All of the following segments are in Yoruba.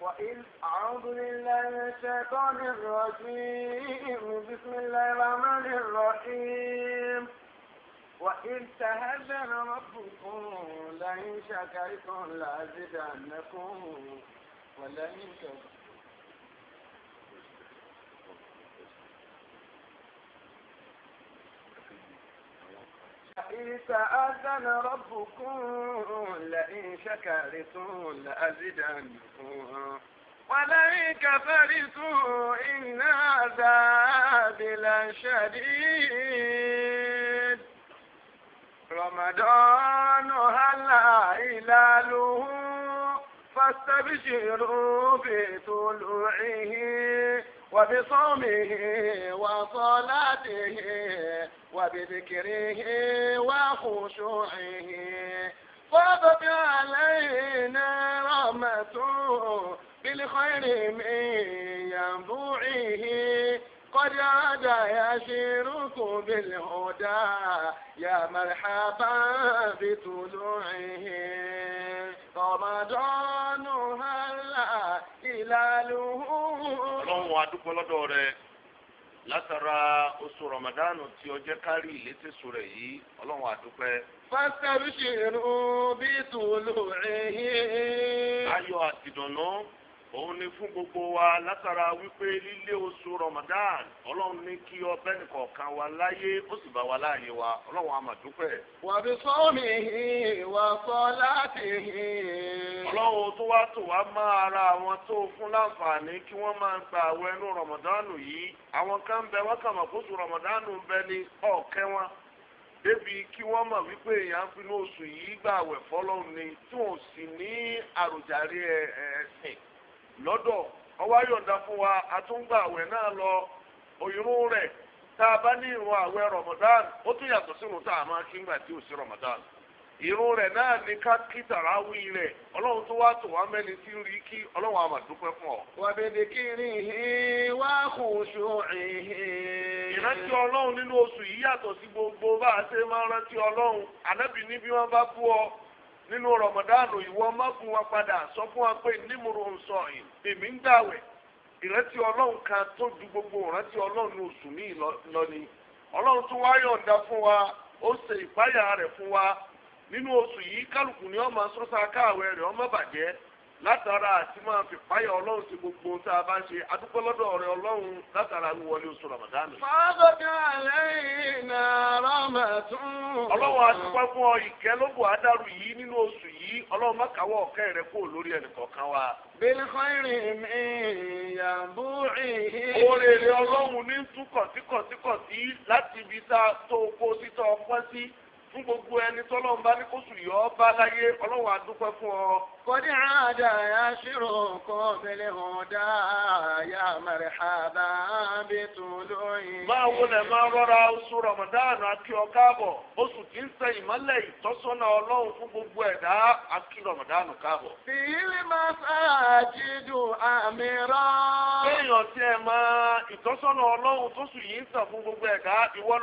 وإذ أعوذ بالله من الشيطان الرجيم بسم الله الرحمن الرحيم وإذ تهجر ربكم لئن شكرتم لأزيدنكم ولئن كفرتم عيسى آذن ربكم لئن شكرتم لأزدنكم ولئن كفرتم إن عذابي لشديد رمضان هلا هلاله فاستبشروا بطلوعه وبصومه وصلاته وبذكره وخشوعه فاضت علينا رحمته بالخير من ينبوعه قد عاد يسيرك بالهدى يا مرحبا بطلوعه رمضان hilaluhu. ọlọ́run wa dúpẹ́ lọ́dọ̀ rẹ látara oṣù rọmọdánù tí ọjẹ́ kárí ìlétèso rẹ̀ yìí ọlọ́run àdúpẹ́. fásitì ṣe irun bí tòló ẹ̀yìn. ayọ̀ àtìdùnnú òun ni fún gbogbo wa látara wípé lílé oṣù Ramadan ọlọ́run ní kí ọbẹ̀ nìkan kan wa láyé ó sì bá wa láàyè wa ọlọ́run a máa dúpẹ́. wà á fi sọ́ọ̀mì wà sọ láti hìn. ọlọ́run tó wá tò wá má ara àwọn tó fún láǹfààní kí wọ́n máa gba àwọn ẹnu Ramadan yìí àwọn kan bẹ wọ́n kàn mọ̀ kóṣù Ramadan ń bẹ ní ọ̀kẹ́ wọn débi kí wọ́n mọ̀ wípé èèyàn ń finú oṣù yìí gbà wẹ̀ fọ́lọ́run ni tí wọ́n sì ní àròjàre ẹ̀sìn. lọ́dọ̀ ọwọ́ ayọ̀ǹda fún wa àtúngbà àwẹ̀ náà lọ òyìnbó rẹ̀ tá a bá ní ìrun àwẹ̀ Ramadan ó tún yàtọ̀ sí ìrun tá a máa kí ńgbà tí ò sí Ramadan ìrun rẹ̀ náà ní ká kí tàràwí rẹ̀ ọlọ́run tó wá tò wá mẹ́ni tí ń rí kí ọlọ́run àmà dúpẹ́ fún ọ. wàbẹ̀dẹ̀ kiri hìn wá kùn ṣù hìn. ìrántí ọlọ́run nínú oṣù yìí yàtọ̀ sí gbogbo bá a ṣe máa rántí ọlọ́run ànábì ní bí bá bú ọ nínú rọmọdánù ìwọ má fún wa padà sọ fún wa pé nímúru nsọ èmi ń dàwẹ̀ ìrántí ọlọ́run kan tó ju gbogbo ìrántí ọlọ́run ní oṣù míì lọ ni ọlọ́run tún wá yọ̀ǹda fún wa ó ṣe ìpáyà rẹ̀ fún wa nínú oṣù yìí kálukú ni ọmọ sọ́sà káàwé rẹ̀ ọmọ bàjẹ́ látara àti máa fi fáyà ọlọ́run sí gbogbo tá a bá ń ṣe adúgbò lọ́dọ̀ ọ̀rẹ́ ọlọ́run látara wíwọlé oṣù ramadan. fàdókè lẹ́yìn ramadan. ọlọ́run àtúpá fún ọ ìkẹ́ ló bù ádárù yìí nínú oṣù yìí ọlọ́run má ọ̀kẹ́ rẹ kó lórí ẹnìkọ̀ọ̀kan wa. bílíkọ́ìrì mi yàgbó ìhí. oore rẹ ọlọ́run ní tún kọ̀tíkọ̀tíkọ̀tí láti ibi tá a tó kó títọ́ ọpọ́ sí. fún gbogbo ẹni tọ́lọ́run bá ní yọ bá láyé ọlọ́run àdúpẹ́ fún ọ. kọ́dí ya kan tẹ́lẹ̀ hàn dá ya mẹ́rẹ̀ àbá bí tó máa wo máa rọra oṣù Ramadan àti oṣù ìtọ́sọ́nà gbogbo ẹ̀dá àti Ramadan káàbọ̀. fìlí máa àmì rọ. kéèyàn tiẹ̀ máa ìtọ́sọ́nà ọlọ́run tó sùn yìí ń sàn fún gbogbo ẹ̀dá ìwọ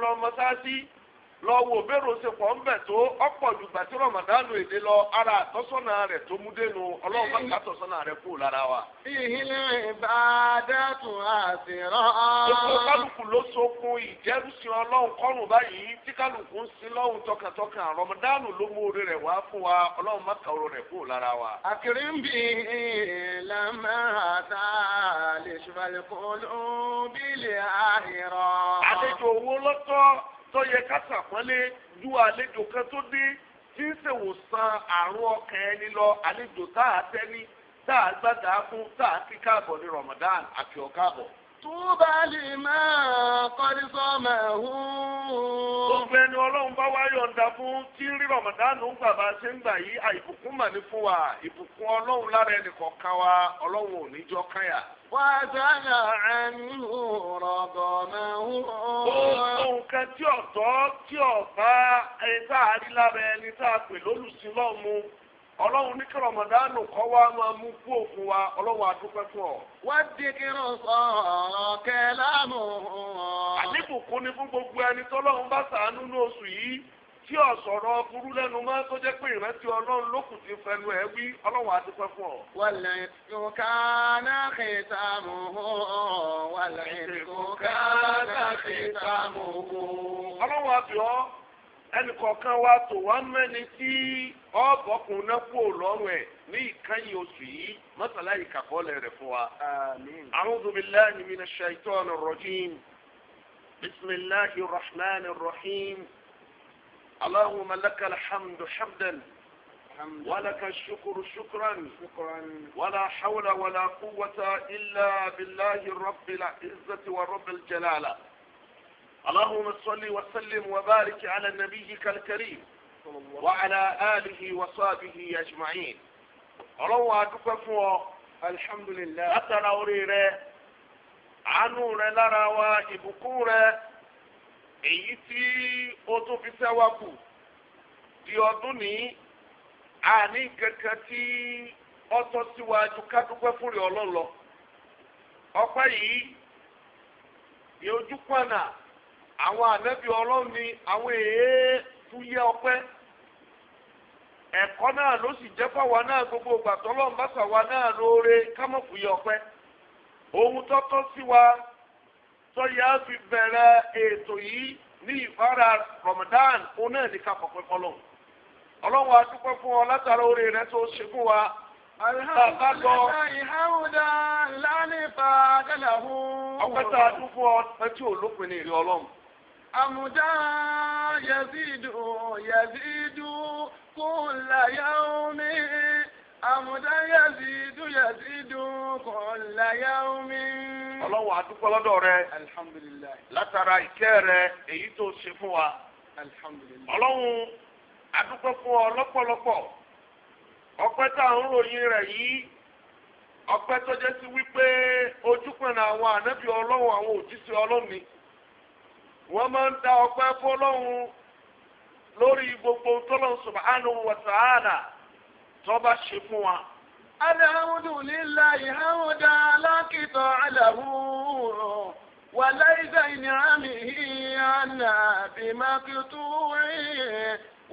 lọ wo bẹ́ẹ̀rù ṣe pọ̀ ń bẹ̀ tó ọ̀pọ̀ ìdùgbà tí rọ̀mọ̀dánù èdè lọ ara àtọ́sọ́nà rẹ̀ tó mú dénú ọlọ́run bá ká tọ̀sọ́nà rẹ̀ kú lára wa. ìhìnlẹ̀ ìbádẹ́tù àṣírọ́. gbogbo kálukú ló sokun ìjẹ́rùsìn ọlọ́run kọ́rùn báyìí tí kálukú ń sin lọ́hùn tọkàntọkàn rọ̀mọ̀dánù ló mú rẹ̀ wá fún wa rẹ̀ kú lára wa. tó yẹ ká sàpọ́nlé ju àlejò kan tó dé tí ń ṣèwòsàn àrùn ọkàn ẹni lọ àlejò tá a tẹ́ni tá a gbàdá fún tá a kí káàbọ̀ ní Ramadan àti ọ̀káàbọ̀. Túbà lè máa kọ́ni sọ́mà hù. ẹni ọlọ́run bá wáyọ̀ ń da fún tí rí Rọ̀mọ̀dánù ń gbàgbà ṣe ń gbà yìí àìbùkún mà ní fún wa. Ìbùkún ọlọ́run lára ẹnì kọ̀ọ̀kan wa ọlọ́run ò ní jọ káyà. Wàdánà àníhù rọ̀gọ̀mọ̀ hù. Gbogbo nǹkan tí ọ̀tọ́ tí ọ̀bá ẹni tá a rí lára ẹni tá a pè lólùsílọ́ọ̀mù. ọlọ́run ní kí rọmọdánù kọ́ wa máa mú kú òkun wa ọlọ́run àdúpẹ́ fún ọ. wá di kírun sọ̀rọ̀ kẹlámù. àdínkù kún ni fún gbogbo ẹni tọ́lọ́run bá ṣàánú ní oṣù yìí tí ọ̀sọ̀rọ̀ burú lẹ́nu máa tó jẹ́ pé ìrántí ọlọ́run lókùn ti fẹnu ẹ̀ wí ọlọ́run àdúpẹ́ fún ọ. wàlẹ̀ ìtòkà náà kì í ta mò ó wàlẹ̀ ìtòkà náà kì í ta mò ó. ọlọ́run àbíọ́ ẹnìkọ̀ọ̀kan wa tò wá mẹ́ni tí ọ̀bọ̀kùn náà kú lọ́rùn ẹ̀ ní ìkànnì oṣù yìí mọ́sálá yìí kàkọ́lẹ̀ rẹ̀ fún wa. àmín. a'udhu billahi minash shaitanir rajim bismillahi rahman rahim allahumma lakal hamdu hamdan ولك الشكر شكرا ولا حول ولا قوة إلا بالله رب العزة ورب الجلالة اللهم صل وسلم وبارك على نبيك الكريم وعلى آله وصحبه أجمعين ọlọ́wọ́ adúpẹ́ fún ọ. alhamdulilayi. látara orí rẹ àánú rẹ lára wa ìbùkún rẹ èyí tí ó tún fi sẹ́wà kù di ọdún ní àní kankan tí ó tọ́ síwájú kádúpẹ́ fún rẹ ọlọ́lọ́ ọpẹ́ yìí yóò ojú pọ̀nà. àwọn ànábì ọlọ́run ni àwọn èèyàn fúyẹ́ ọpẹ́ ẹ̀kọ́ náà ló sì jẹ́ fáwa náà gbogbo ìgbà tọ́lọ́run bá sàwa náà lóore kámọ́ fúyẹ́ ọpẹ́ ohun tó tọ́ sí wa tó bẹ̀rẹ̀ ètò yìí ní ìfara Ramadan òun náà ní ká fọpẹ́ fọlọ́run ọlọ́run dúpẹ́ fún ọ látara oore rẹ tó ṣe fún wa. أمدا يزيد يزيد كل يوم أمدا يزيد يزيد كل يوم rẹ alhamdulillah látara rẹ èyí tó ṣe fún wa alhamdulillah ọlọ́run àdúgbò fún ọ tá ń ròyìn yìí ọpẹ́ tó sí wípé ojúpẹ̀nà àwọn ànábì ọlọ́run àwọn wọ́n máa ń da ọpẹ́ fọlọ́hún lórí gbogbo tọ́lọ́hún subhanahu wa ta'ala tó bá ṣe fún wa. alhamdulillahi hamda alákìtọ̀ alahu wàláìsà ìnìyàmìhì àná bímákìtù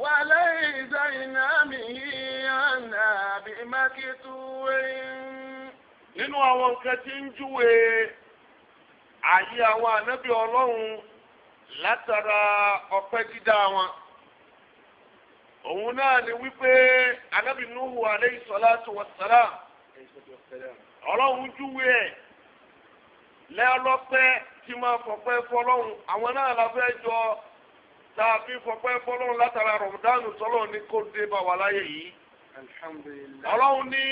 wàláìsà ìnìyàmìhì àná bímákìtù. nínú àwọn nǹkan tí ń júwe àyè àwọn ànábì ọlọ́run. látara ọpẹ́ dídá wọn òun náà ni wípé anábì nuhu aleyhi salatu wa salam ọlọ́run júwe ẹ̀ lẹ́ọlọ́pẹ́ tí máa fọpẹ́ fọlọ́run àwọn náà la fẹ́ jọ tá a fi fọpẹ́ fọlọ́run látara rọ̀mùdánù tọ́lọ́ ní kó dé bá wà láyé yìí. alhamdulillah ọlọ́run ní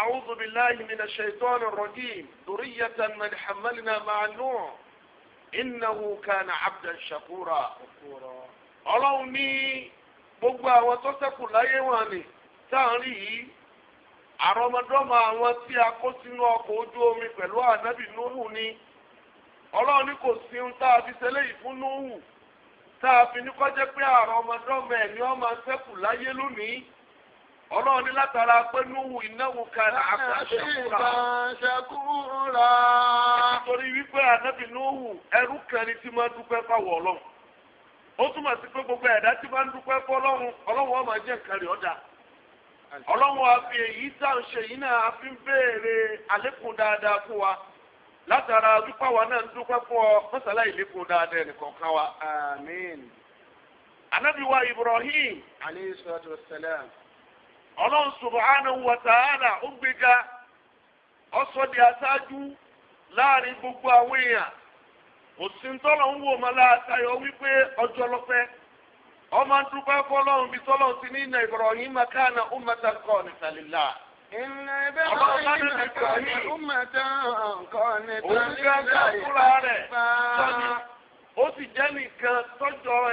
a'udhu billahi minash shaitani rajim duriyatan min hamalna ma'a nuh. innahu kana abdan shakura ọlọ́run ní gbogbo àwọn tó ṣẹ́kù láyé wọn ni sáàrin yìí àrọmọdọ́mọ àwọn tí a kó sínú ọkọ̀ ojú omi pẹ̀lú ànábì Nuhu ni ọlọ́run ní kò sí ohun tá a fi ṣẹlẹ̀ yìí fún Nuhu tá a fi ní kọjá pé àrọmọdọ́mọ ẹ̀ ni wọ́n máa sẹ́kù láyé lónìí. ọlọ́run ní látara pé lóhùn ìnáwó kan àkàṣàkúrà. àkàṣàkúrà. nítorí wípé ànábì lóhùn ẹrú kan tí máa dúpẹ́ fáwọ̀ ọlọ́run. ó túmọ̀ sí pé gbogbo ẹ̀dá tí máa ń dúpẹ́ fọ́ ọlọ́run ọlọ́run ó jẹ́ nǹkan rẹ̀ ọ̀dà. ọlọ́run àfi èyí tá à ń ṣe yìí náà a fi ń béèrè àlékún dáadáa fún wa. látara ọlọ́run subhanahu wa ta'ala ó gbéga ọ̀sọ̀dì aṣáájú láàrin gbogbo àwọn èèyàn òsíntọ́lọ̀ ń wò mọ́lá àtayọ̀ wípé ọjọ́ lọ́pẹ́ ọmọ dúpẹ́ fọlọ́run bí tọ́lọ̀ ti ní inna Ibrahima kana ummatan qanitan lillah. inna Ibrahima kana ummatan qanitan lillah. òun gángan fúnra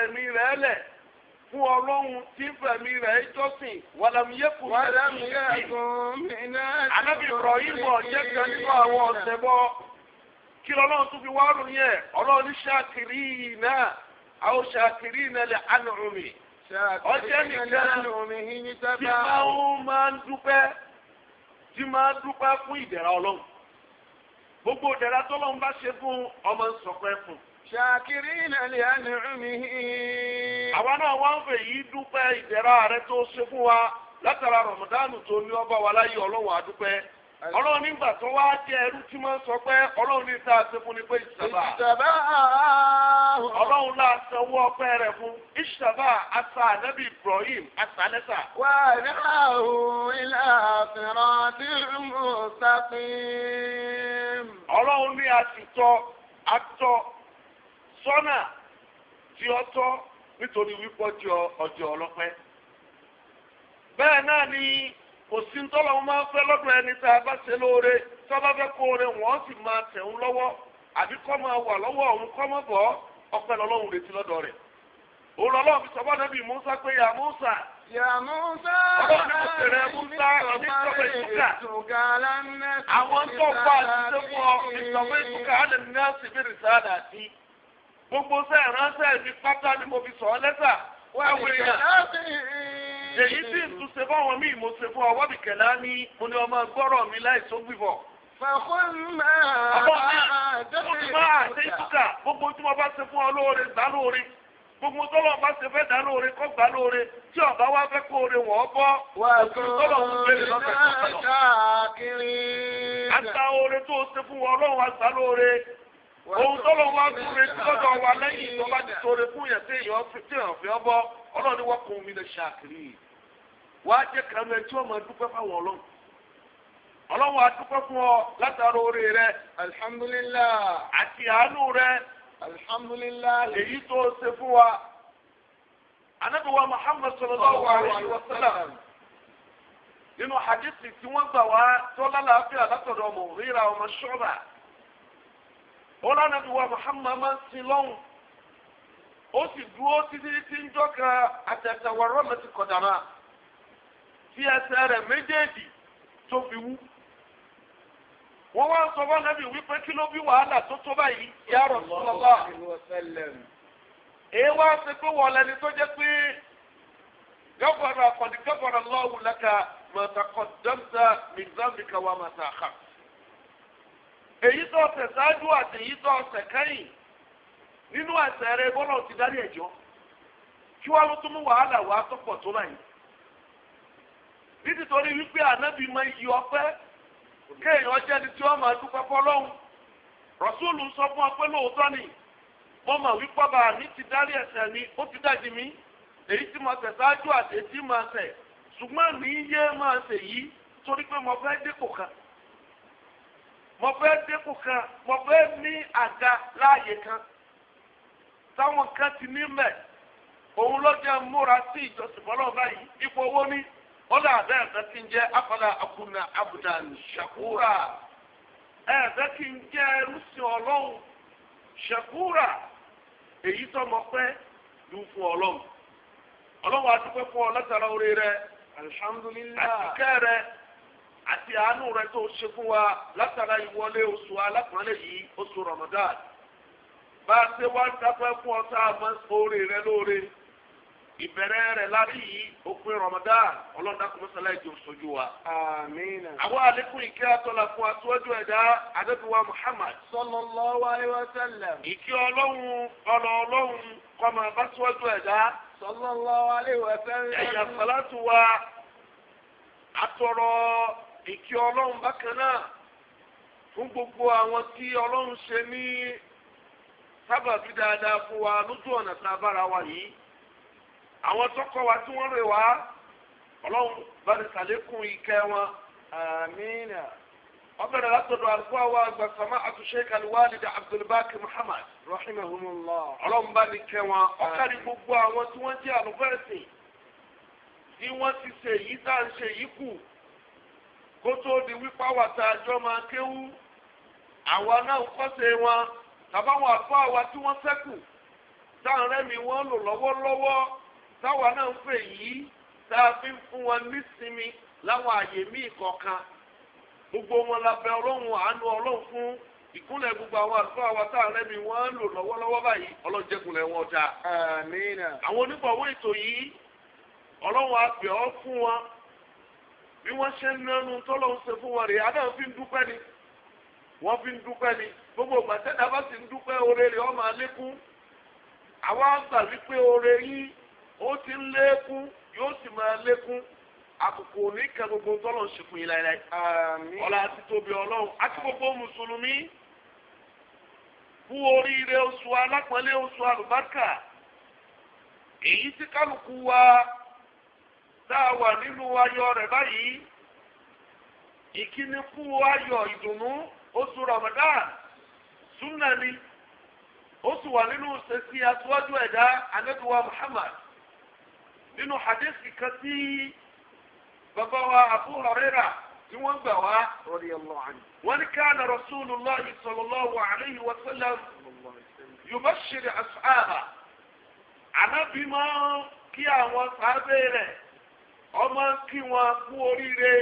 rẹ̀ fún ọlọ́run tí ń fẹ̀mí rẹ̀ jọ́sìn wàlámiyẹ́kùn kí lọ́lọ́run tún fi wá ròyìn ẹ̀ ọlọ́run ní ṣàkìrí náà àwọn ṣàkìrí náà lè ànà omi ọjọ́ nìkan tí máa ń máa ń dúpẹ́ tí máa ń dúpẹ́ fún ìdẹ̀ra ọlọ́run gbogbo ìdẹ̀ra tọ́lọ́run bá ṣe fún ọmọ ń ṣàkìrín àlìyàní ọ̀mìhì. àwa náà wá ń fẹ́ yìí dúpẹ́ ìdẹ̀ra idara tó fún wa látara rọ̀mọ̀dánù tó nígbà tó wá jẹ́ ẹrú tí máa ń sọ pé ọlọ́run ní sáà ṣe fún ni pé ìṣàbà náà anabi ibrahim asalẹ́sà. wà á rí àwọn ilé àfihàn tí mo ní sọ́nà tí ó tọ́ nítorí wípé ọjọ́ ọlọ́pẹ́ bẹ́ẹ̀ náà ni kò sí ntọ́lọ́wọ́ máa fẹ́ lọ́dọ̀ ẹni tá a bá ṣe lóore tí wọ́n bá fẹ́ kó oore wọ́n sì máa tẹ̀ ń lọ́wọ́ àbí kọ́ máa wà lọ́wọ́ òun kọ́ ọpẹ́ lọ́lọ́run retí gbogbo sẹ́ ránṣẹ́ mi pátá ni mo fi sọ ọ́ lẹ́tà wá àwọn èèyàn. èyí tí n tún ṣe fáwọn míì mo ṣe fún ọwọ́ mi kẹ̀lá ni mo ní ọmọ gbọ́rọ̀ mi láì tó gbìbọ̀. fàkúnmá àdéhùn àdéhùkà gbogbo tí mo bá ṣe fún ọ lóore gbà lóore gbogbo tọ́lọ̀ bá ṣe fẹ́ dá lóore kọ́ gbà lóore tí ọ̀bá wá fẹ́ kó oore wọ̀ bọ́ òkùnrin tọ́lọ̀ ń gbé lọ́fẹ̀ẹ́ tó tọ́lọ̀. àtàwọn oore tó ṣe fún ọ ọlọ́run àgbà lóore ohun tó lọ wá gúre lọ́dọ̀ wa lẹ́yìn tó bá ti sọ̀rọ̀ fún yẹn tí èèyàn fi fi wọ́n kún mi lè jẹ́ tí wọ́n máa dúpẹ́ fáwọn ọlọ́run ọlọ́run fún ọ látara oore rẹ alihamudulilayi àti àánú rẹ alihamudulilayi èyí tó ṣe fún wa anabiwa muhammad sallallahu alayhi wa sallam nínú hadithi tí wọ́n gbà wá látọ̀dọ̀ ọlọ́nà bí wa Muhammad máa ń sin lọ́hùn ó sì dúró títí tí ń jọ́ka àtẹ̀tẹ̀wọ̀rọ̀ mẹ́tì kọ̀dàrà tí ẹsẹ̀ rẹ̀ méjèèjì tó fi wú. wọ́n wá ń sọ fún Ànábì wípé kí ló bí wàhálà tó tó báyìí ya Rasulullah. èyí wá ṣe pé wọ́n lẹni tó jẹ́ pé gọ́fọ̀rọ̀ àkọ́dí gọ́fọ̀rọ̀ lọ́wọ́ lẹ́ka mọ̀tàkọ́ dọ́mta mìíràn èyí tó ọ̀sẹ̀ ṣáájú àti èyí tó ọ̀sẹ̀ kẹ́yìn nínú ẹ̀ṣẹ̀ rẹ ti dárí ẹ̀jọ́ kí wàá ló tún mú wàhálà wàá tó tó báyìí nítorí wípé ànábì máa yí ọpẹ́ kéèyàn jẹ́ ni tí wọ́n máa dúpẹ́ fọlọ́hún rọ̀súùlù sọ fún ni mo mọ̀ wípé bá a ti ni ó ti dájú mi èyí mo ṣáájú àti èyí tí mo mi yé máa torí mo fẹ́ dínkù kan mo fẹ́ ní àga láàyè kan táwọn kan ti ní mẹ́ òun ló jẹ́ múra sí ìjọsìn bọ́lọ́ báyìí ipò owó ní ọ̀dà ti jẹ́ akuna abudan shakura ń jẹ́ shakura èyí tó pé fún ọlọ́run ọlọ́run àti pé fún àti àánú rẹ tó ṣe fún wa látara ìwọlé oṣù alápọ̀nlẹ̀ yìí oṣù Ramadan bá a ṣe wá ń dápẹ́ fún ọ tá a mọ oore rẹ lóore ìbẹ̀rẹ̀ rẹ̀ lárí yìí òpin Ramadan ọlọ́dàkùn mọ́sálá ìjọ sojú wa. amiina. àwọn àlékún ìkẹ́ àtọ́lá fún aṣíwájú ẹ̀dá adébíwá Muhammad. sallallahu alaihi wa sallam. ìkẹ́ ọlọ́run ọ̀nà ọlọ́run kọ́mọ bá ẹ̀dá. sallallahu alaihi wa sallam. ẹ̀yà sàlátù wa atọ̀rọ̀ ìkí ọlọ́run bákan náà fún gbogbo àwọn tí ọlọ́run ṣe ní sábàbí dáadáa fún wa lójú ọ̀nà tá a bára wa yìí àwọn tọkọ wa tí wọ́n rè wá ọlọ́run bá ní sàlékún ìkẹ́ wọn. amiina. ọbẹ̀rẹ̀ látọ̀dọ̀ àgbà muhammad. rahimahumullah. ọlọ́run bá ní kẹ́ wọn. ọkàrí gbogbo àwọn tí wọ́n jẹ́ tí wọ́n ti ṣe kó tó di wípé àwa tá a jọ máa kéwú àwa náà kọ́sẹ̀ wọn tàbáwọn àfọ́ àwa tí wọ́n sẹ́kù táwọn rẹ́mi wọ́n lò lọ́wọ́lọ́wọ́ táwa náà ń fè yìí tá a fi ń fún wọn nísinmi láwọn àyè míì kọ̀ọ̀kan gbogbo wọn labẹ ọlọ́run àánú ọlọ́run fún ìkúnlẹ̀ gbogbo àwọn àlùfáà àwa táwọn rẹ́mi wọ́n lò lọ́wọ́lọ́wọ́ báyìí ọlọ́jẹ̀kùnlẹ̀ wọn ta. àwọn onígbọ̀wọ́ ètò yìí ọlọ́run á ọ́ fún wọn bí wọ́n ṣe ń nánu tọ́lọ́ ń ṣe fún wọn rèé adáwọ̀ fi ń dúpẹ́ ni wọ́n fi ń dúpẹ́ ni gbogbo gbàtẹ́dá bá sì ń dúpẹ́ oore rẹ̀ ọmọ alékún àwa gbà wípé oore yìí ó ti ń lékún yóò sì máa lékún àkókò oníkà gbogbo tọ́lọ̀ ń ṣèkùn yìí láìláì ọ̀la àti tóbi ọlọ́run àti gbogbo mùsùlùmí fún oríire oṣù alápọ̀nlé oṣù àlùbákà èyí tí kálukú wa tá a wà nínú ayọ̀ rẹ̀ báyìí ìkíni kú ayọ̀ ìdùnnú oṣù Ramadan súnà ni oṣù wà nínú ṣèṣì aṣíwájú ẹ̀dá anẹ́dùwà Muhammad nínú hadithi kan tí bàbá wa Abu Hurairah tí wọ́n gbà wá wọ́n ní káàna rasulullah sallallahu alayhi wa sallam yubashir as'aba anabi máa kí àwọn sábẹ́ rẹ̀. ọ máa ń kí wọn fún oríire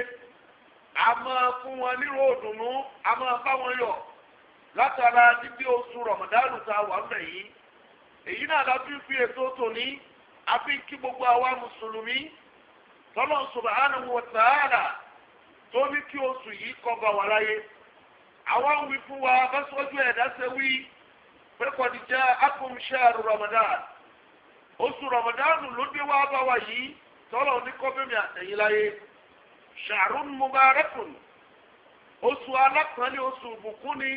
a máa fún wọn nírò òdùnnú a máa bá wọn yọ látara dídé oṣù rọmọdánù tá a wà ń bẹ yìí èyí náà la fi ń fi ètò tòní a fi ń kí gbogbo àwa mùsùlùmí tọ́lọ̀ subhanahu wa ta'ala tó ní kí oṣù yìí kọ́ bá wà láyé àwa ń wa abáṣọ́jú ẹ̀dá oṣù rọmọdánù ló dé wá bá t'ọlọ ní kọ́fẹ́mi àtẹ̀yìn láyé ṣàrún mubarakun oṣù alápọ̀nlé oṣù bùkún ni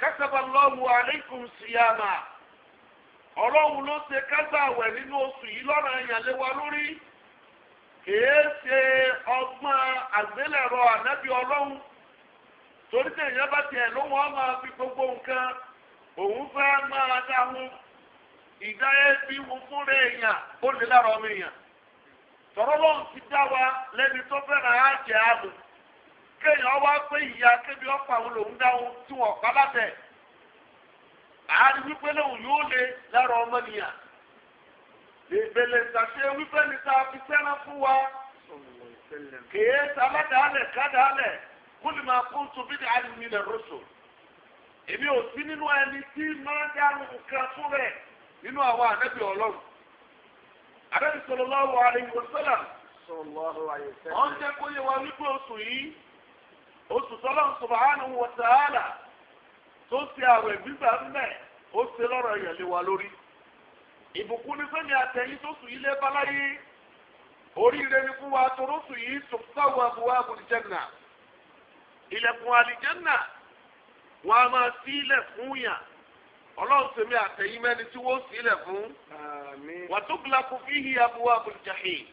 kẹsàbà lọ́wọ́ aleikum siyama ọlọ́run ló ṣe kásàwẹ̀ nínú oṣù yìí lọ́nà ìyànlẹ́wà lórí kìí ṣe ọgbọ́n àgbélẹ̀rọ ànábì ọlọ́run torí tẹ̀yìn bá tiẹ̀ ló wọ́n máa fi gbogbo nǹkan òun fẹ́ máa dáhùn èèyàn ó lè lára ọmọ tọ́rọ́ lọ́n ti dá wa lẹ́ni tó fẹ́ràn á jẹ àlù kéèyàn wá pé ìyá kébi ọ̀pọ̀ àwọn lòún dáhùn tí wọ́n pa látẹ̀ àárín wípé lòun yóò lé lára ọmọnìyàn ìbèlè ìtàṣe wípé níta fi sẹ́ran fún wa kèé sàládàálẹ̀ kádàálẹ̀ máa kún èmi ò sí nínú ẹni tí máa nǹkan fún rẹ̀ nínú àwọn ọlọ́run. àdéhùn sallallahu alaihi wasallam. wọ́n jẹ́ kó yẹ wa wípé oṣù yìí oṣù tọ́lọ́ subhanahu wa ta'ala tó ṣe àwẹ̀ gbígbà mẹ́ ó ṣe lọ́rọ̀ yẹn lé wa lórí. ìbùkún ní sẹ́ni àtẹ̀yìn tó sùn yìí lé báláyé oríire ni fún wa toró sùn yìí tó àbúwá àbújẹ́nà ilẹ̀kùn àlìjẹ́nà wọn a máa sílẹ̀ fún yàn ọlọ́run tèmi àtẹ̀yìn mẹ́ni tí wọ́n sílẹ̀ fún wàtúbùlàkù فيه أبواب الجحيم،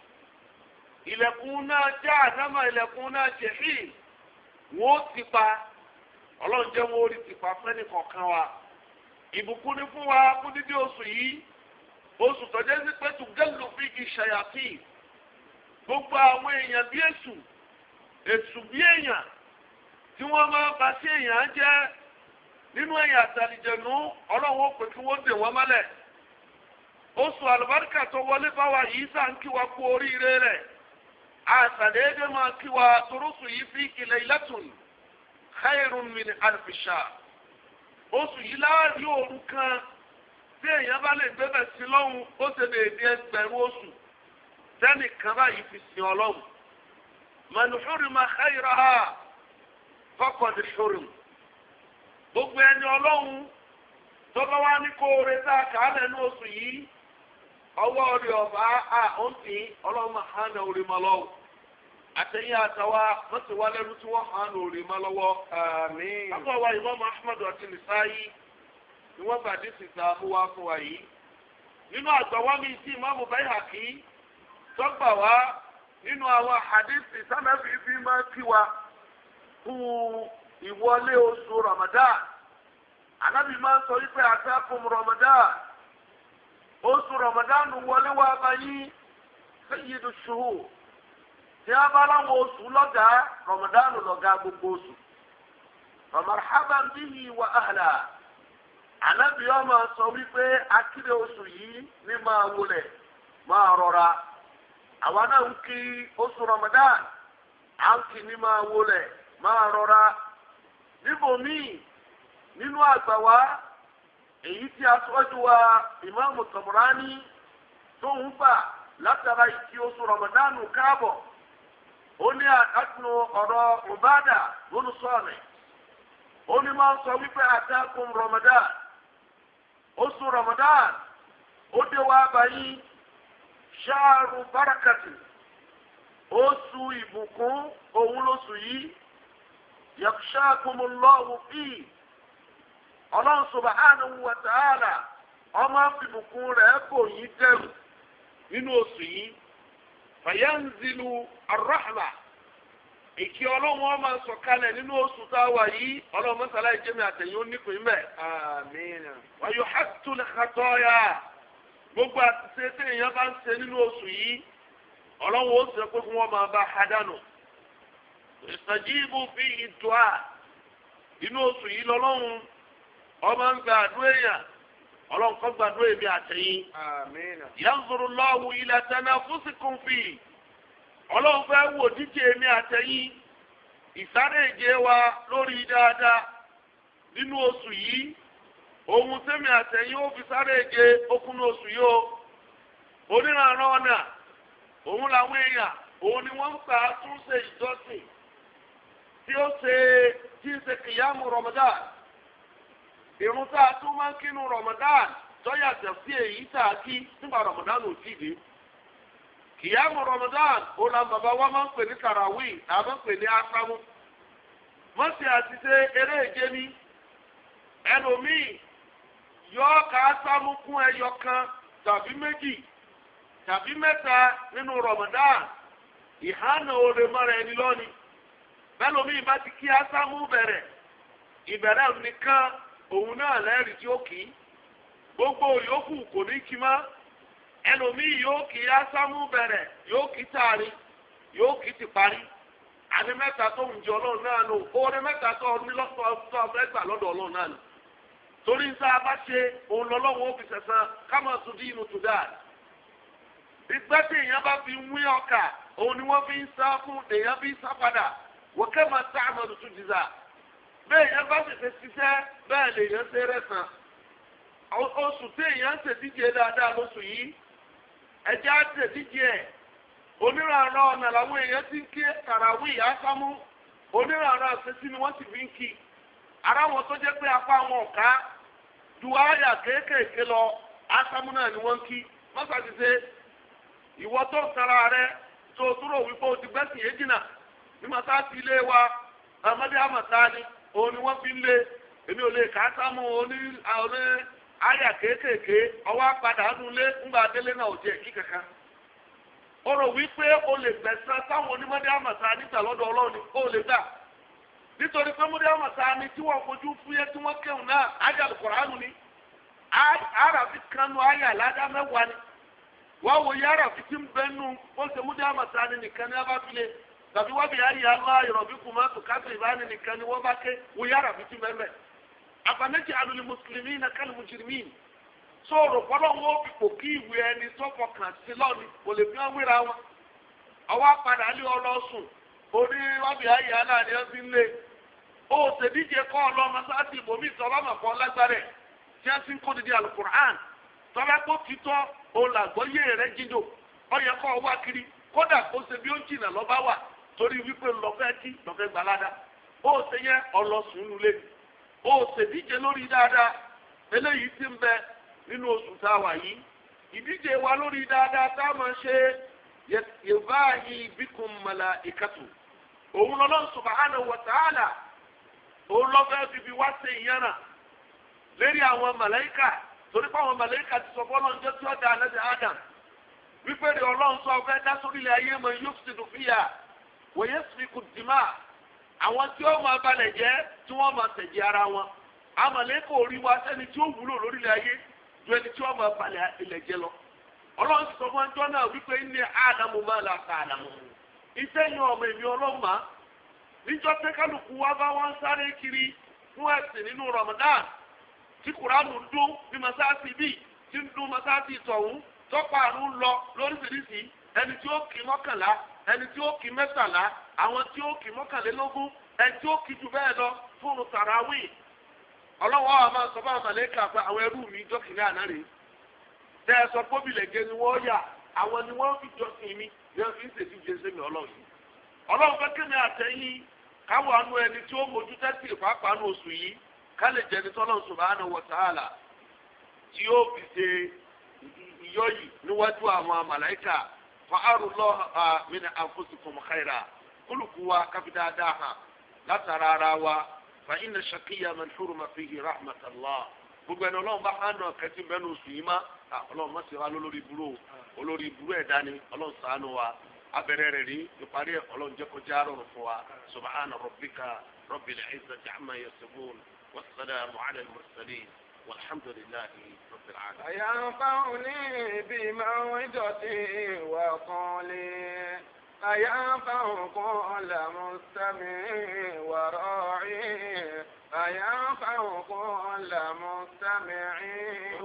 إلى náà já إلى ilẹ̀kùn جحيم، jahim wọ́n ti pa ọlọ́run jẹ́ wọ́n rí ti pa fẹ́ni kọ̀ọ̀kan wa ìbùkún ni fún wa fún dídí oṣù yìí oṣù tọ́jẹ́ sí pé tùgẹ́lù fíhì ṣàyàtì gbogbo àwọn èèyàn bí èṣù èṣù bí èèyàn tí wọ́n máa bá sí èèyàn jẹ́ nínú èèyàn àtàlìjẹ̀nú ọlọ́run ó pè kí wọ́n dè wọ́n mọ́lẹ̀. osu albarka to wale bawa isa nkiwa ku orire re A ebe ma nkiwa turusu yifi ki lailatun khairun min alf sha osu yi la ri oru kan ti eyan ba le bebe si lohun o se be di egberu osu tẹni kan ba yi fi sin ọlọrun man hurima khairaha fakad hurim gbogbo ẹni ọlọrun tó bá wá ní o retá kàá ọwọ́ orí ọba a ó ń fi ọlọ́mọ hàn orí mọ́ lọ́wọ́ àtẹ̀yìn àtàwà wọ́n ti wá lẹ́rú tí wọ́n hàn orí lọ́wọ́. wa ìmọ̀mọ̀ ahmed ọtí nìsáyí ni wọ́n bá dé sísá mú wá fún wa yìí. nínú mi sí ìmọ̀mù Bayhaqi tọ́gbà wá nínú àwọn àdìsí sábẹ́fì fi máa Ramadan. ànábì máa ń sọ wípé Ramadan. oṣù rọmọdánù wọlé wá báyìí sayyidu shuhur tí a bá láwọn oṣù lọ́gàá rọmọdánù lọ́gàá gbogbo oṣù famarhaban bihi wa ahla anabi ọmọ sọ wípé akíde oṣù yìí ní máa wọlé máa rọra àwa náà ń kí oṣù rọmọdánù à ń kí ní máa wọlé máa rọra níbòmíì nínú àgbà wa. èyí tí aṣọ́jú wa ìmáàmù Tabrani tó ń fà látara ìtì oṣù rọmọdánù káàbọ̀ ó ní àdákùnú ọ̀rọ̀ ọ̀bádà lónú sọ́ọ̀nì ó ní máa ń sọ wípé àtàkùn rọmọdán oṣù rọmọdán ó dé wá báyìí ṣáàrù bárakàtì oṣù ìbùkún òun lóṣù yìí yakhshakumullahu fíì. ọlọ́run subhanahu wa ta'ala ọmọ fìbùkún rẹ̀ kò yí dẹrù nínú oṣù yìí fayanzilu arahma èkì ọlọ́run ọmọ sọ̀kalẹ̀ nínú oṣù tá a wà yìí ọlọ́run mọ́sálá ìjẹ́mi àtẹ̀yìn oníkùn yìí mẹ́. àmín. wàyò hàtún ya gbogbo àtúnṣe tí èèyàn bá ń ṣe nínú oṣù yìí ọlọ́run ó sọ pé kí wọ́n máa bá a oṣù yìí lọ́lọ́run. ọmọ ń gba àdúrà èèyàn ọlọ́run kọ́ gba àdúrà èmi àtẹ̀yìn. yanzuru Allahu ila tanafusikum fi ọlọ́run wò díje èmi àtẹ̀yìn ìsáré wa lórí dáadáa nínú oṣù yìí ohun tẹ́mi àtẹ̀yìn ó fi sáré okùnú oṣù yìí o ọ̀nà òun làwọn èèyàn òun ni wọ́n ń pa ìjọsìn tí ó ṣe tí ń ṣe kìyàmù irun tá a tún kínú Ramadan tó yàtọ̀ sí èyí tá a kí nígbà Ramadan ò tí dé kìyàmù Ramadan ó la bàbá wa máa pè ní máa ń pè ní asamu mọ́sí àti ṣe eré ìje ni ẹlòmíì yọ ká asamu kún ẹyọ kan tàbí méjì tàbí mẹ́ta nínú Ramadan ìhánà oore mọ́ra ẹni lọ́ni bẹ́ẹ̀ asamu bẹ̀rẹ̀ ìbẹ̀rẹ̀ nìkan. òun náà lẹ́rìí tí ó kì gbogbo yòókù kò ní kí má ẹlòmíì yóò ásámú bẹ̀rẹ̀ yóò tààrí ti parí àní mẹ́ta tó ń jẹ ọlọ́run náà nù mẹ́ta tó lọ́dọ̀ ọlọ́run náà nù torí ń sá a bá ṣe òun lọ́lọ́run ó fi sẹ̀sán kámọ̀ tún dí inú tún dáa ìgbẹ́ tí èèyàn bá fi wí ọkà òun ni wọ́n fi ń sá bẹ́ẹ̀ yẹn bá sì ṣe ṣiṣẹ́ bẹ́ẹ̀ lè yẹn ṣe rẹ̀sán oṣù tí èèyàn ń ṣèdíje dáadáa lóṣù yìí ẹ̀jẹ̀ á ṣèdíje ẹ̀ onírànà ọ̀nà làwọn èèyàn ti ń kí tàràwí àsámú onírànà àṣẹṣí ni wọ́n sì fi ń kí ara wọn tó jẹ́ pé apá wọn ọ̀ká ju àyà kéékèèké lọ àsámú náà ni wọ́n ń kí wọ́n ìwọ tó tara rẹ tó o túrò wípé o ti gbẹ́sìn yé jìnnà bí ti òun ni wọ́n fi lé èmi ò lè kà á sámú oní oní àyà kéékèèké ọwọ́ apàdà nulẹ̀ ńgbà délé náà ò tiẹ̀ kí kankan ó wípé o lè gbẹ̀sán táwọn onímọ̀dé àmọ̀tá níta lọ́dọ̀ ọlọ́run ni lè gbà nítorí pé mọ̀dé ni tí wọ́n fojú fúyẹ́ tí wọ́n kẹ́hùn náà ni àràfi kanu àyà ládá mẹ́wàá ni wọ́n wòye àràfi ń bẹ́nu ó ṣe mọ̀dé ni tàbí wọ́n bìí ayé alọ́ ayọ̀rọ̀bíkù máa tù káàtó ìbáni nìkan ni wọ́n bá ké wò yára fi ti mẹ́mẹ́. àbánájì alùlí mùsùlùmí na kálí mùsùlùmí sọ̀rọ̀ fọlọ́ wọn fi kò kí ìwé ẹni sọ́kọ̀ kàn sí lọ́ọ̀ni kò lè fi hàn wéra wọn. ọwọ́ apàdà lé ọ lọ sùn orí wọ́n bìí ayé alọ́ àdéhùn sí lé. o ṣèdíje kọ́ ọ lọ masáàtì kódà kó ṣe bí ó jìnnà lọ́ba wà torí wípé lọ́fẹ́ tí lọ́fẹ́ gbalada ó ṣe yẹ ọlọ́sùn lé ó ṣèdíje lórí dáadáa eléyìí ti ń bẹ nínú oṣù tá a wà yìí ìdíje wa lórí dáadáa tá a máa ṣe yẹ̀báyì bíkun màláíkàtù òun lọ́lọ́run subhanahu wa ta'ala òun lọ́fẹ́ bíbí wá ṣe ìyànà lérí àwọn màláíkà torí pé àwọn màláíkà ti sọ fọ́lọ́ ọjọ́ tí ó dá ànábì Adam wípé rẹ̀ ọlọ́run sọ fẹ́ dá sórílẹ̀ ayé mọ̀ yóò fi dùn fìyà. wòyẹ́sìmíkù dìmá àwọn tí ó máa balẹ̀ jẹ́ tí wọ́n máa tẹ̀jẹ̀ ara wọn amọ̀lẹ́kọ̀ orí wa sẹ́ni tí ó wúlò lórílẹ̀ ayé ju ẹni tí wọ́n máa balẹ̀ ilẹ̀ jẹ́ lọ. ọlọ́run sọ fún ẹjọ́ náà wípé ní àdàmú máa la ta àdàmú. iṣẹ́ yan ọmọ èmi ọlọ́mà kiri fún esi nínú Ramadan tí kuranu dún ní masáàsì bíi tí ń dún masáàsì tọ̀hún lọ ẹni tí ó kí mẹ́tàlá àwọn tí ó kí mọ́kànlélógún ẹni tí ó kí jù bẹ́ẹ̀ lọ fún tàràwì ọlọ́wọ́ àwọn máa sọ fáwọn màlẹ́kà pé àwọn ẹrú mi jọ́kìlẹ̀ àná rèé ẹ sọ ni wọ́n yà àwọn ni wọ́n fi jọ́sìn mi ni wọ́n fi ń tètè jẹ sẹ́mi ọlọ́run yìí ọlọ́run fẹ́ kémi àtẹ̀yìn káwọn àánú ẹni tí ó mójú fa'aru lọ́ha min anfusikum khaira olùkúwa kábí dáadáa hàn látara ara wa fa inna shaqiya man huruma fihi rahmatallah gbogbo ẹni ọlọ́run bá hàn náà kẹ́tí mẹ́nu sùn yìí má ọlọ́run má ṣe wá lólórí burú olórí burú ẹ̀dá ni ọlọ́run ṣàánú wa abẹ́rẹ́ rẹ̀ rí ìparí ẹ̀ ọlọ́run jẹ́ kọjá rọrùn fún wa subhana rabbika rabbil izzati amma yasifun wassalamu ala al-mursalin. والحمد لله رب العالمين أينفعني بموعدتي وقولي أينفع كل مستمع وراعي أينفع كل مستمع